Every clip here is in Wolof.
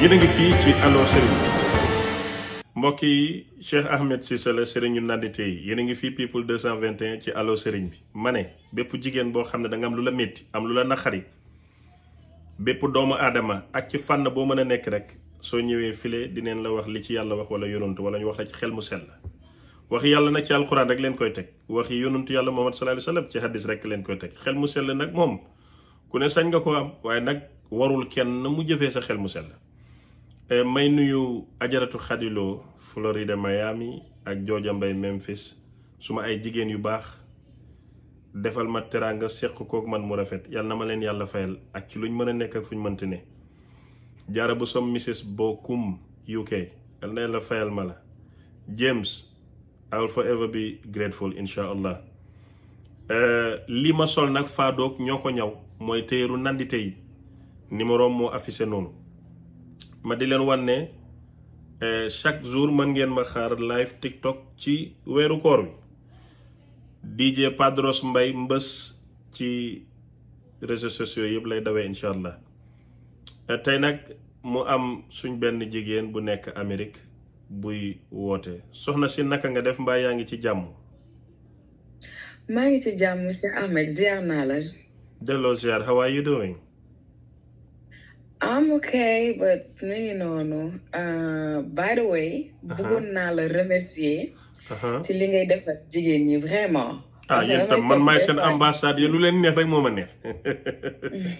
yéen a ngi fii ci Allô Sëriñ mbokk yi Cheikh Ahmed Cissé la sëriñu nandite yi yéen a ngi fii people 221 ci Allô Sëriñ bi ma ne bépp jigéen boo xam ne da nga am lu la métti am lu la naqari bépp doomu aadama ak ci fànn boo mën a nekk rek soo ñëwee file dineen la wax li ci yàlla wax wala yonantu wala ñu wax la ci xel mu sell wax yàlla nag ci alxuraan rek leen koy teg wax yi yonantu yàlla Muhammad sallallahu alayhi wasallam ci rek leen koy teg xel mu sell nag moom ku ne sañ nga ko am waaye nag warul kenn mu jëfee sa xel mu sell Eh, may nuyu ajaratu xadiloo Florida Miami ak jooja mbay Memphis su ma ay jigéen yu baax defal ma teraanga seq kook man mu rafet yàlla na ma leen yàlla fayal ak ci lu luñ mën a nekk fu ñu mënti ne jaara bu som Mrs Bokum UK yàlla na yàlla fayal ma la James I will forever be grateful insha allah Uh, eh, ma sol nag faadoog ñoo ko ñaw mooy téyeru nandite yi numéro moo affiché noonu ma di leen wan ne eh, chaque jour mën ngeen ma xaar live TikTok ci weeru koor bi DJ Padros Mbaye mbës ci réseaux sociaux yëpp lay dawee incha allah eh, tey nag mu am suñ benn jigéen bu nekk Amérique buy woote soxna si naka nga def mbay yaa ngi ci jàmm. maa ngi ci jàmm monsieur Ahmed ziar naa la. delloo ziar how are you I'm okay but mi ngi noonu uh, by the way. Uh-huh. bëggoon naa la remercier. Uh-huh. ci li ngay defar jigéen ñi vraiment. ah yéen tam man maay seen ambassade yéen lu leen neex rek moo ma neex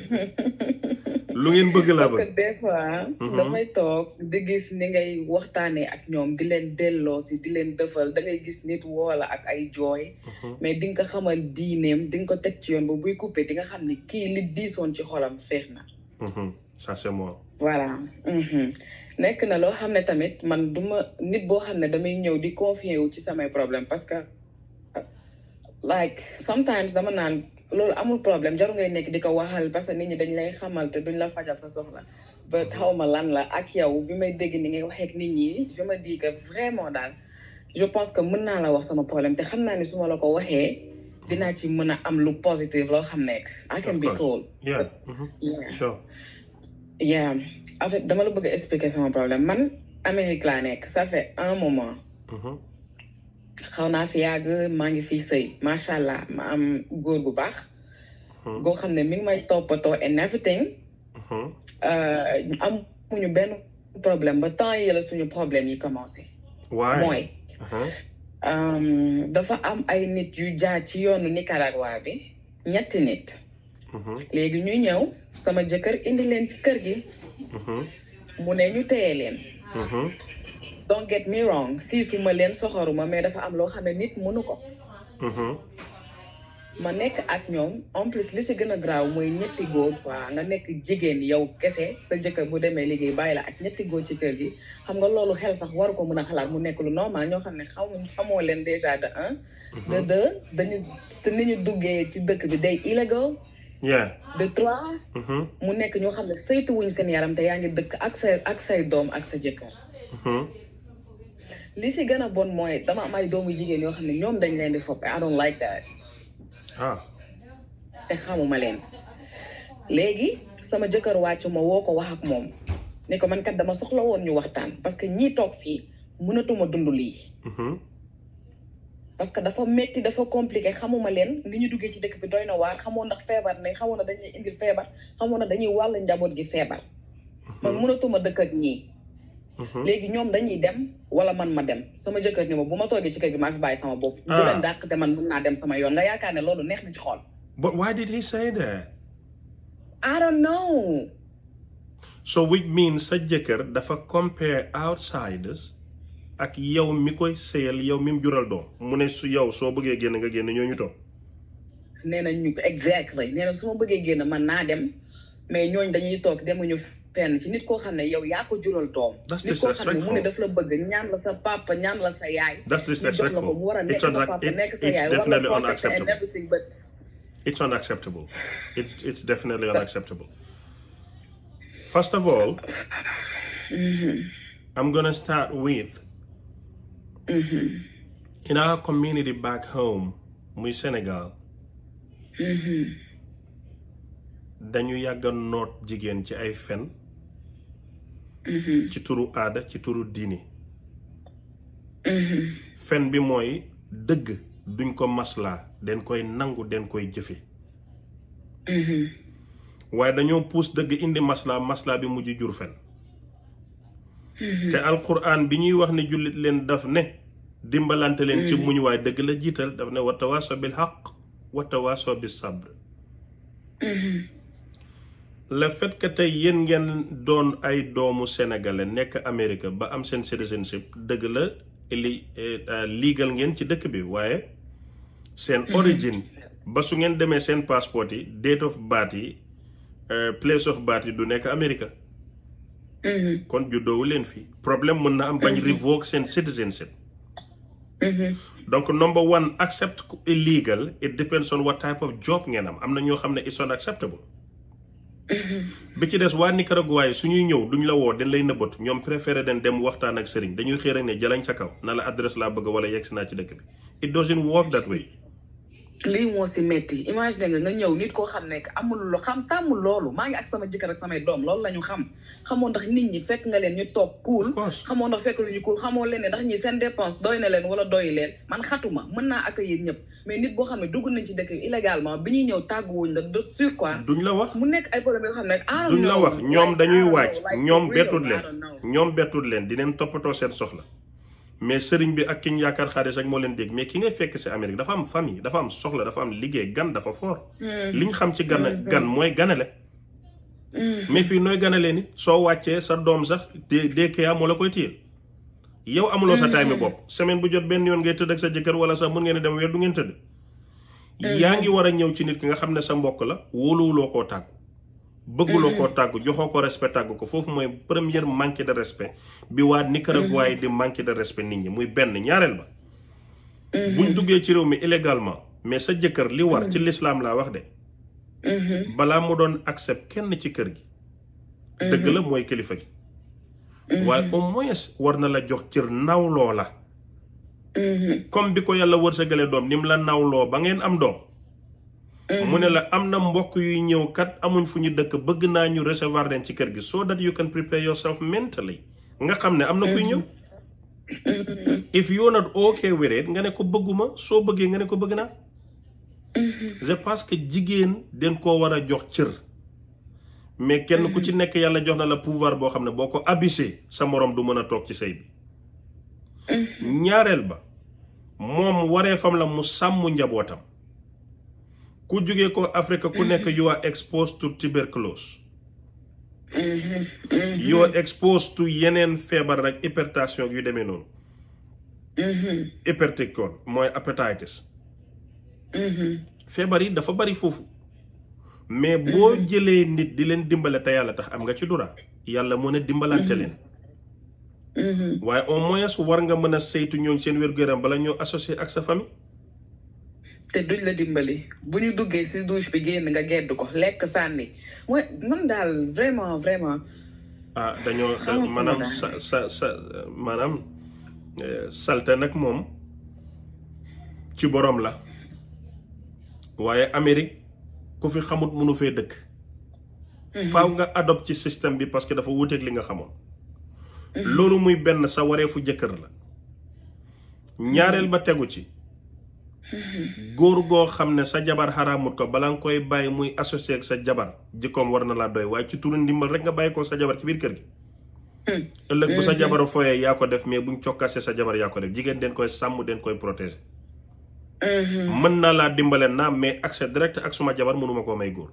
lu ngeen bëgg laa bëgg. parce que uh-huh. toog di gis ni ngay waxtaanee ak ñoom di leen delloo si di leen defal da ngay gis nit woola ak ay jooy. mais di nga ko xamal diineem di nga ko teg ci yoon ba buy coupé di nga xam ni kii li diisoon ci xolam feex na. ça c'est voilà. Mhm. nekk na loo xam ne tamit man du ma nit boo xam ne damay ñëw di confier wu ci samay problème parce que like sometimes dama naan loolu amul problème jarul ngay nekk di ko waxal parce que nit ñi dañ lay xamal te duñ la fajal sa soxla ba mhm. xaw ma lan la ak yow bi may dégg ni ngay waxee ak nit ñi je me dis vraiment daal je pense que mën naa la wax sama problème te xam naa ne su ma la ko waxee dinaa ci mën a am lu positif loo xam nekk. I can be yeah en dama la bëgg a expliquer problème man Amérique laa nekk ça fait un moment. Mm-hmm. xaw naa fi yàgg maa ngi fi sëy macha allah ma am góor gu baax. Mm-hmm. goo xam ne mi ngi may toppatoo and everything. Mm-hmm. Euh, amuñu benn problème ba temps yii la suñu problème yi commencé. waaye mooy. Euh, dafa am ay nit yu jaar ci yoonu Nicaragua bi ñetti nit. Mm-hmm. léegi ñuy ñëw sama jëkkër indi leen ci kër gi mm-hmm. mu ne ñu téye leen mm-hmm. don't get me wrong siituma leen soxoruma mais dafa am loo xam ne nit mënu ko ma nekk ak ñoom en plus li si gën a garaaw mooy ñetti góor waa nga nekk jigéen yow kese sa jëkkër bu demee liggéey bàyyi la ak ñetti góor ci kër gi xam nga loolu xel sax waru ko mën a xalaat mu nekk lu normal ñoo xam ne xamu xamoo leen déjà de un de deux dañu te ni duggee ci dëkk bi day illegal yeah de trois mm-hmm. mu nekk ñoo xam ne saytu wuñ seen yaram te yaa ngi dëkk ak sa ak say doom ak sa jëkkër mm-hmm. li si gën a bon mooy dama am ay doomu jigéen yoo xam ne ñoom dañ leen di foppe I don't like that ah. te xamuma leen léegi sama jëkkër wàccuma woo ko wax ak moom ne ko man kat dama soxla woon ñu waxtaan parce que ñii toog fii mënatuma dundu lii mm-hmm. parce que dafa métti dafa compliqué xamuma leen ni ñu duggee ci dëkk bi doy na waar xamoon ndax feebar ne xamoon na dañuy indil feebar xamoon na dañuy wàll njaboot gi feebar. man mhm. mënatuma dëkk ak ñii. Mhm. léegi ñoom dañuy dem wala man ma dem sama jëkkër ni ma bu ma toogee ci kër gi maa fi bàyyi sama bopp. ah bu leen dàq te man mën naa dem sama yoon nga yaakaar ne loolu neex na ci xool. but why did he say that? I don't know. so which means sa jëkkër dafa compare outsiders. ak yow mi koy sëyal yow mi mu jural doom mu ne su yow soo bëggee génn nga génn ñoo ñu toog. nee nañ ñu ko exactly nee na su ma bëggee génna man naa dem mais ñooñ dañuy toog dem ñu fenn ci nit koo xam ne yow yaa ko jural doom. nit koo xam ne mu ne daf la bëgg ñaan la sa papa ñaan la sa yaay. that's disrespectful mu war a nekk sa papa nekk sa yaay a protect and everything but. it's unacceptable it's it's definitely unacceptable. first of all. Mm -hmm. I'm gonna start with. Mm-hmm. In our community back home muy Sénégal. Mm-hmm. dañu yàgg noot jigéen ci ay fen. Mm-hmm. ci turu aada ci turu diini. Mm-hmm. fen bi mooy dëgg duñ ko maslaa den koy nangu den koy jëfe waaye dañoo puus dëgg indi maslaa maslaa bi mujj jur fen te alquran bi ñuy wax ne jullit leen daf ne dimbalante leen ci mm. muñ waay dëgg la jiital daf ne watawaaso bil xaq watawaaso bi sabr mm-hmm. le fait que tey yéen ngeen doon ay doomu sénégalais nekk Amérique ba am seen citizenship dëgg la li eh, euh, legal ngeen ci dëkk bi waaye seen mm-hmm. origine ba su ngeen demee seen passeport yi date of birth yi euh, place of birth yi du nekk Amérique mm-hmm. kon juddoowu leen fii problème mën na am bañ revoke seen citizenship Mm-hmm. donc number one accept illegal it depends on what type of job ngeen am am na ñoo xam ne it's unacceptable mm-hmm. bi ci des waa Nicaragua yi suñuy ñëw duñu la woo dañ lay nëbbatu ñoom préféré dañ dem waxtaan ak sëriñ dañuy xëy rek ne jalañ ca kaw na la adresse laa bëgg wala yegg si naa ci dëkk bi it doesn't work that way lii moo si metti imagine nga nga ñëw nit koo xam ne amul lu xam tàmmul loolu maa ngi ak sama jëkkër ak samay doom loolu la ñu xam xamoo ndax nit ñi fekk nga leen ñu toog kuul xamoo ndax fekk lu ñu kuul xamoo leen ne ndax ñi seen dépense doy na leen wala doy leen man xatuma mën naa accueillir ñëpp mais nit boo xam ne dugg nañ ci dëkk illégalement bi ñuy ñëw tàgguwuñ wuñ de sur quoi duñ la wax mu nekk ay problème yoo xam ne ah duñ la wax ñoom dañuy waaj ñoom bettut leen ñoom bettut leen dineen toppatoo seen soxla mais sëriñ bi ak ki ñu yaakaar xaalis rek moo leen dégg mais ki ngay fekk si Amérique dafa am famille dafa am soxla dafa am liggéey gan dafa foor mm. li ñu xam ci gan mm. gan mooy ganale. Mm. mais fii nooy ganalee nit soo wàccee sa doom sax de DKA moo la koy téyel yow amuloo sa time bopp semaine bu jot benn yoon ngay tëdd ak sa jëkkër wala sa mën ngeen dem weer du ngeen tëdd. yaa ngi war a ñëw ci nit ki nga xam ne sa mbokk la wóoluwuloo koo tànk bëgguloo mhm. koo tàggu joxoo ko respect tàggu ko foofu mooy première manque de respect bi waa Nicaragua waaye mhm. di manque de respect nit ñi muy benn ñaareel ba mhm. buñ duggee ci réew mi illégalement mais sa jëkkër li war ci lislaam laa wax de balaa mu doon accept kenn ci kër gi dëgg la mooy kilifa gi waaye au war na la jox cër nawloo la comme bi ko yàlla wërsëgale doom ni mu la nawloo ba ngeen am doom mu ne la am na mbokk yuy ñëw kat amuñ fu ñu dëkk bëgg naa ñu recevoir leen ci kër gi so that you can prepare yourself mentally nga xam ne am na kuy ñëw mm-hmm. if you're not okay nga ne ko bëgguma soo bëggee nga ne ko bëgg naa mm-hmm. c'est parce que jigéen den koo war a jox cër mais kenn ku ci mm-hmm. nekk yàlla jox na la pouvoir boo xam ne boo ko abusé sa moroom du mën a toog ci sëy bi ñaareel ba moom waree fam la mu sàmm njabootam ku jógee ko Afrique ku nekk you are exposed to tuberculose mm-hmm. you are exposed yeneen feebar rek hypertension yu demee noonu mm-hmm. hypertension mooy hepatitis mm-hmm. feebar yi dafa bari foofu mais boo jëlee nit di leen dimbale te yàlla tax am nga ci dura yàlla moo ne dimbalante leen waaye au moins war nga mën a saytu ñooñ seen wér gu bala ñoo associé ak sa famille te duñ la dimbali bu ñu duggee si douche bi génn nga gedd ko lekk sànni mooy man daal vraiment vraiment. ah dañoo maanaam sa sa sa maanaam eh, salte nag moom ci boroom la waaye Amérique ku fi xamut mënu fee dëkk. Mhm. faw nga adopt ci système bi parce que dafa wuuteeg li nga xamoon. Mhm. loolu muy benn sa wareefu jëkkër la. Mhm. ñaareel ba tegu ci. Mm-hmm. góor goo xam ne sa jabar xaraamut ko balaa nga koy bàyyi muy associé ak sa jabar jikkoom war na laa doy waaye ci turu ndimbal rek nga bàyyi ko sa jabar ci biir kër gi. Mm-hmm. ëllëg bu sa mm-hmm. jabar fooyee yaa ko def mais buñ cokkaase sa jabar yaa ko def jigéen den koy sàmm den koy protéger. mën naa laa dimbale naa mais accès direct ak suma jabar mënuma koo may góor.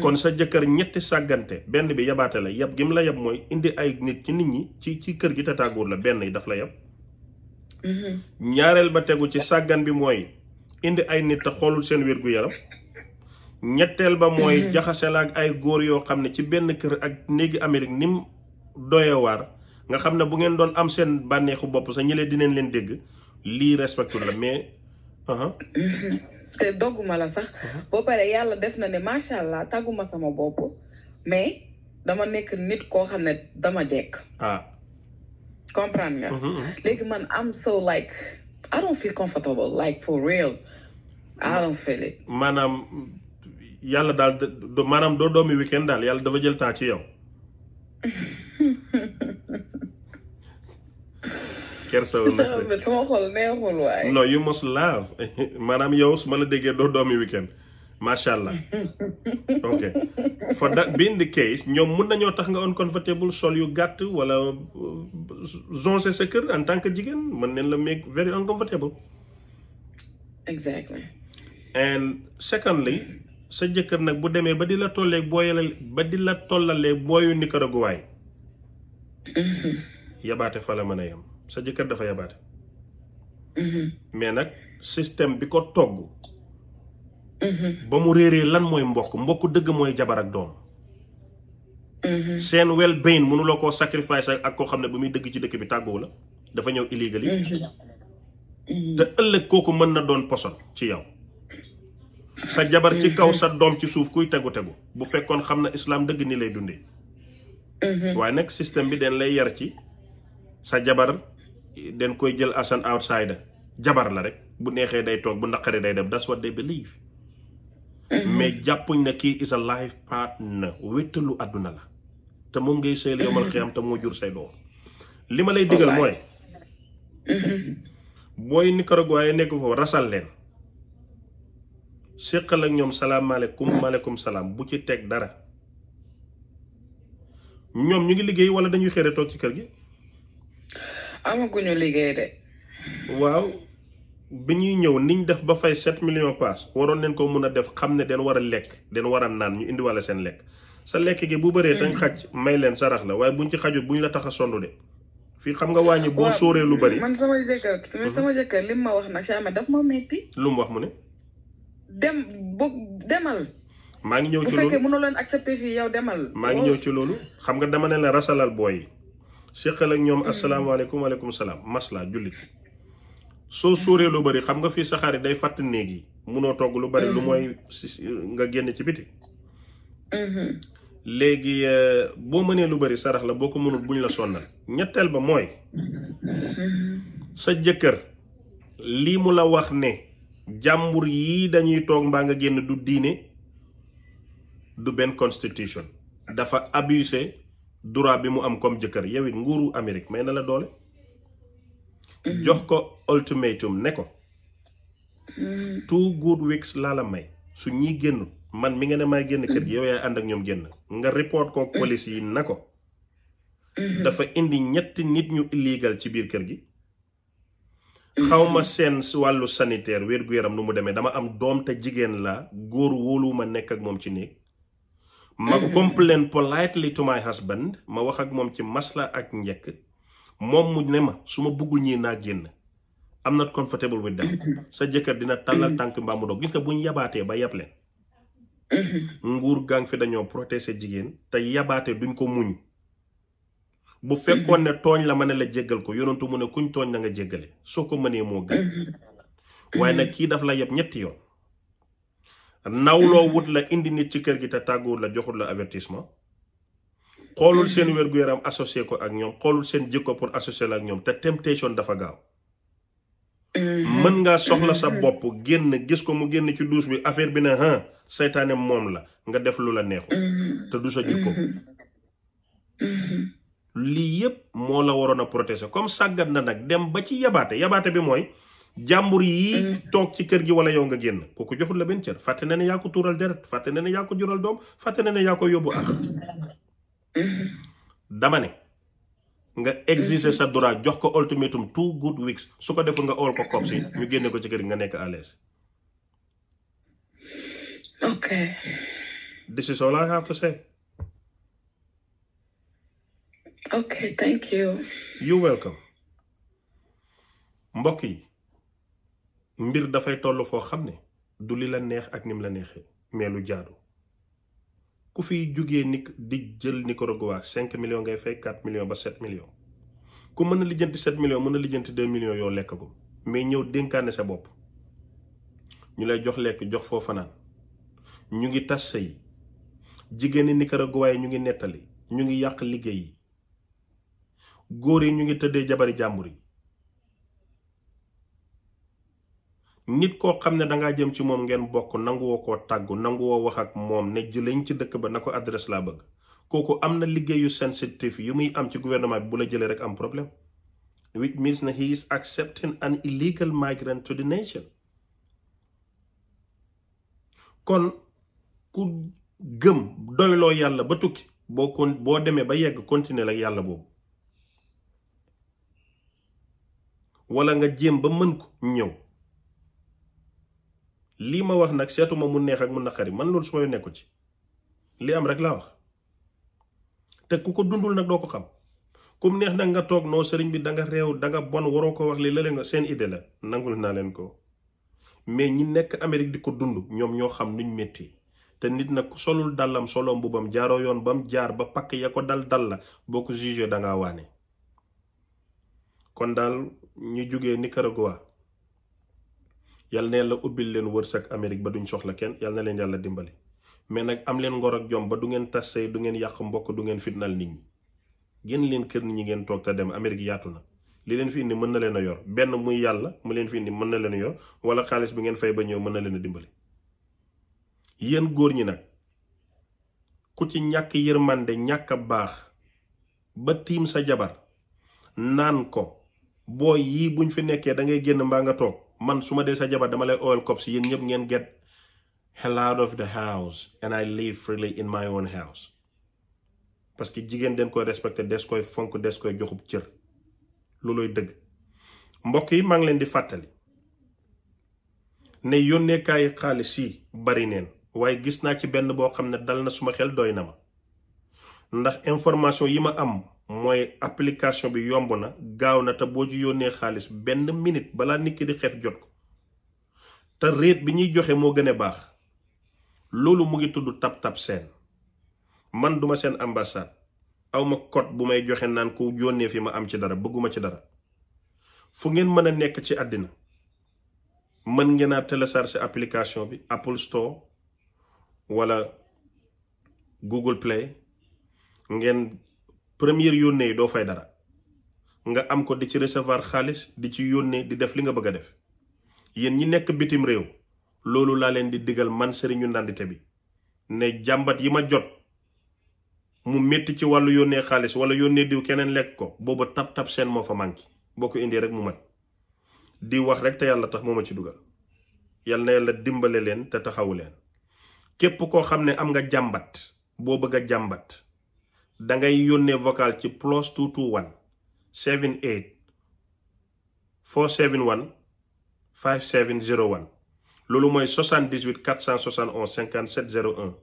kon sa jëkkër ñetti sàggante benn bi yabaate la yab gi mu la yab mooy indi ay nit ci nit ñi ci ci kër gi tataagoor la benn yi daf la yab. Mm-hmm. ñaareel ba tegu ci sàggan bi mooy indi ay nit te xoolul seen wér-gu-yaram ñetteel ba mooy mm-hmm. jaxase la ay góor yoo xam ne ci benn kër ak néegi Amérique ni mu nga xam ne bu ngeen doon am seen bànneexu bopp sa ñëlee dinañ leen dégg lii respecté la mais uh-huh. mm-hmm. te dogguma la sax uh-huh. boo paree yàlla def na ne macha allah tàgguma sama bopp mais dama nekk nit koo xam ne dama jekk ah comprendre nga. Mhm, mhm. léegi man am so like I don't feel comfortable like for real. I don't feel it. maanaam yàlla daal de maanaam doo doomi weekend daal yàlla dafa jël temps ci yow. kersaw na sama xol no you must laugh maanaam yow su ma la déggee doo doomi weekend macha allah ok for that being the case ñoom mun nañoo tax nga uncomfortable sol yu gàtt wala zonse euh, sa kër en tant que jigéen mën neen la make very uncomfortable. exactly. and secondly sa jëkkër nag bu demee ba di la tollee booyale di la tollalee booyu Nicaraguay. Mm-hmm. yabaate fa la mën a yem sa jëkkër dafa yabaate. Mm-hmm. mais nag système bi ko togg. Mm-hmm. ba mu réeree lan mooy mbokk mbokk dëgg mooy jabar ak doom mm-hmm. seen wel bain mënuloo koo sacrifice ak koo xam ne ba muy dëgg ci dëkk bi tàggoo la dafa ñëw illégal mm-hmm. te ëllëg kooku mën na doon poson ci yow sa jabar ci kaw sa doom ci suuf kuy tegu tegu bu fekkoon xam na islaam dëgg ni lay dundee waaye nag système bi den lay yar ci sa jabar den koy jël assan an jabar la rek bu neexee day toog bu naqaree day dem that's what they believe Mm-hmm. mais jàppuñ ne kii is a life partner wéttalu àdduna la te moom ngay sëyal mm-hmm. yomal xiyam te moo jur say doom li ma lay digal mooy mm-hmm. booy Nicaragua yi nekk foofu rasal leen séqal ak ñoom salaamaaleykum maaleykum salaam bu ci teg dara ñoom ñu ngi liggéey wala dañuy xëy toog ci kër gi amaguñu liggéey de waaw bi ñuy ñëw niñ def ba fay 7 million pass waroon leen koo mën a def xam ne den war a lekk den war a naan ñu indiwale seen lekk sa lekk gi bu bëree tañ xaj may leen sarax la waaye bu ñu ci xajut ñu la tax a sondu de fii xam nga wàññi boo sóoree lu bari man sama jëkkër man mhm. sama jëkkër li ma wax nag Chama daf ma metti lu mu wax mu ne dem maa ngi ñëw ci loolu bu fekkee leen accepté fii yow demal maa ngi ñëw ci loolu xam nga dama ne la rasalal booy yi séqal ak ñoom mhm. asalaamaaleykum waaleykum salaam maslaa jullit soo suuree lu bari xam nga fii saxaar yi day fàtt néeg yi munoo togg lu bari lu mm-hmm. mooy nga génn ci biti mm-hmm. léegi euh, boo mënee lu bari sarax la boo ko mënul buñ la sonna ñetteel ba mooy sa jëkkër lii mu la wax ne jàmbur yi dañuy toog mbaa nga génn du diine du benn constitution dafa abusé droit bi mu am comme jëkkër yow it nguuru Amérique may na la doole jox ko ultimatum ne ko mm. two good weeks laa la may su ñii génn man mi nga ne maa génn kër gi yow yaay ànd ak ñoom génn nga report ko police yi na ko mm-hmm. dafa indi ñetti nit ñu illegal ci biir kër gi xawma mm-hmm. seen wàllu sanitaire wér-gu-yaram nu mu demee dama am doom te jigéen la góor wóoluwuma nekk ak moom ci néeg ma mm-hmm. complain politely to my husband ma wax ak moom ci masla ak njëkk moom mu ne ma su ma bëggul ñii naa génn am na comfortable with dem mm-hmm. sa jëkkër dina tàllal mm-hmm. tànk mbaa mu dog gis nga bu ñu yabaatee ba yab leen mm-hmm. nguur gang fi dañoo protéger jigéen te yabaate duñ ko mu muñ bu fekkoon ne tooñ la ma ne la jéggal ko yonentu mu ne kuñ tooñ na nga jéggale soo ko mënee moo gën waaye nag kii daf la yeb ñetti yoon nawloo wut la indi nit ci kër gi te tàgguwut la joxut la avertissement xoolul seen wér-gu-yaram associé ko ak ñoom xoolul seen jikko pour associé la ak ñoom te temptation dafa gaaw mm-hmm. mën ngaa soxla sa mm-hmm. bopp génn gis ko mu génn ci duus bi affaire bi ne han seytaane moom la nga def lu la neexu mm-hmm. te du sa jikko lii yépp moo la waroon a protéger comme sàggat na nag dem ba ci yabaate yabaate bi mooy jambur yi toog ci kër gi wala yow nga génn kooku joxul la benn cër fàtte na ne yaa ko tuural deret fàtte na ne yaa ko jural doom fàtte na ne yaa ko yóbbu dama ne nga exise sa droit jox ko ultimatum two good weeks su ko deful nga ool ko cops yi ñu génne ko ci kër nga nekk à l'aise ok this is all to say ok thank you you're welcome mbokk yi mbir dafay toll foo xam ne du li la neex ak nim la neexee mais lu jaadu ku fi jógee nik di jël Nicaragua cinq million ngay fay quatre millions ba sept millions ku mën a lijjanti sept millions mën a lijjanti deux millions yoo lekk ko mais ñëw dénkaane sa bopp ñu lay jox lekk jox foo fanaan ñu ngi tas sëy yi jigéeni Nicaragua yi ñu ngi nettali ñu ngi yàq liggéey yi góor yi ñu ngi tëddee jabari jàmbur yi nit koo xam ne dangaa jëm ci moom ngeen bokk nanguwoo ko tàggu nanguwoo wax ak moom ne jëleñ ci dëkk ba na ko adresse laa bëgg kooku am na liggéeyu sensitif yu muy am ci guvernement bi bu la jëlee rek am problème which means na he is accepting an illegal migrant to the nation kon ku gëm doyloo yàlla ba tukki boo kon boo demee ba yegg continuer la yàlla boobu wala nga jéem ba mën ko ñëw lii ma wax nag seetuma mu neex ak na naqari man loolu su ma nekku ci li am rek laa wax te ku ko dundul nag doo ko xam kum neex nag nga toog noo sëriñ bi danga reew danga bon waroo ko wax li lële nga seen idée la nangul naa leen ko mais ñi nekk amerique di ko dund ñoom ñoo xam nuñ metti te nit nag ku solul dàllam solo mbubam jaaroo yoon bam jaar ba pakk ya ko dal dal la boo ko jugee da ngaa waane kon daal ñu jugee Nicaragua yal na yàlla ubbil leen wërsëg Amérique ba duñ soxla kenn yal na leen yàlla dimbali mais nag am leen ngor ak jom ba du ngeen tas say du ngeen yàq mbokk du ngeen fitnal nit ñi génn leen kër nit ñi ngeen toog te dem Amérique yaatu na li leen fi indi mën na leen a yor benn muy yàlla mu leen fi indi mën na leen a yor wala xaalis bi ngeen fay ba ñëw mën na leen a dimbali yéen góor ñi nag ku ci ñàkk yërmande ñàkk a baax ba tiim sa jabar naan ko booy yii buñ fi nekkee da ngay génn mbaa nga toog man su ma dee sa jabar dama lay oil cops yéen ñëpp ngeen get hell out of the house and I live freely in my own house parce que jigéen den koy respecté des koy fonk des koy joxub cër looloy dëgg mbokk yi maa ngi leen di fàttali ne yónneekaayi xaalis yi bari neen waaye gis naa ci benn boo xam ne dal na suma xel doy na ma ndax information yi ma am mooy application bi yomb na gaaw na te boo ci yónnee xaalis benn minute balaa nit di xeef jot ko te réet bi ñuy joxe moo gën a baax loolu mu ngi tudd tab tab seen man duma seen ambassade awma code bu may joxe naan ku yónnee fi ma am ci dara bëgguma ci dara fu ngeen mën a nekk ci àddina mën ngeen a télécharger application bi Apple Store wala Google Play ngeen première yónnee yi doo fay dara nga am ko di ci recevoir xaalis di ci yónnee di def li nga bëgg a def yéen ñi nekk bitim réew loolu laa leen di digal man Serigne Ndandite bi ne jàmbat yi ma jot mu metti ci wàllu yónnee xaalis wala yónnee diw keneen lekk ko booba tap tab seen moo fa manqué boo ko indee rek mu mat di wax rek te yàlla tax moo ma ci dugal yàlla na yàlla dimbale leen te taxawu leen képp koo xam ne am nga jàmbat boo bëgg a jàmbat. da ngay yónnee vocal ci plus 221 78 471 5701 loolu mooy 78 471 5701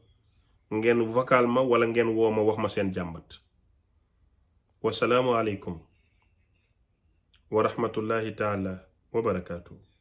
ngeen vocal ma wala ngeen woo ma wax ma seen jàmbat wasalaamualeykum wa rahmatullahi taala wa